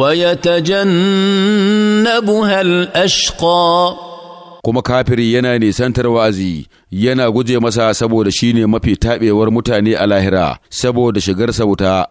ويتجنبها الأشقى kuma kafiri yana nisantar wa'azi yana guje masa saboda shine mafi taɓewar mutane a lahira saboda shigar sa wuta